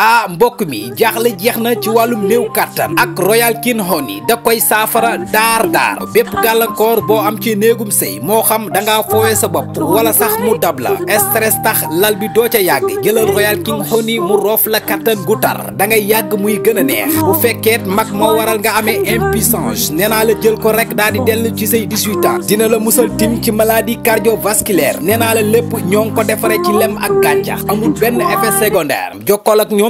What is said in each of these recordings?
ah mbokk mi jaaxle jeex na ci wàllum néew kàttan ak royal king honey da koy saafara daar daar bépp gàllankoor boo am ci néegum sëy moo xam danga ngaa sa bopp wala sax mu dab la stress tax lal bi doo ca yàgg jëlal royal king honey mu roof la kàttan gu tar da ngay yàgg muy gën a neex bu fekkeet mag moo waral nga amee impuissance nee naa la jël ko rek daal di dell ci say 18 ans dina la musal tim ci maladie cardiovasculaire nee naa la lépp ñoo ngi ko defaree ci lem ak gàncax amul benn effet secondaire jokkool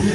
Ba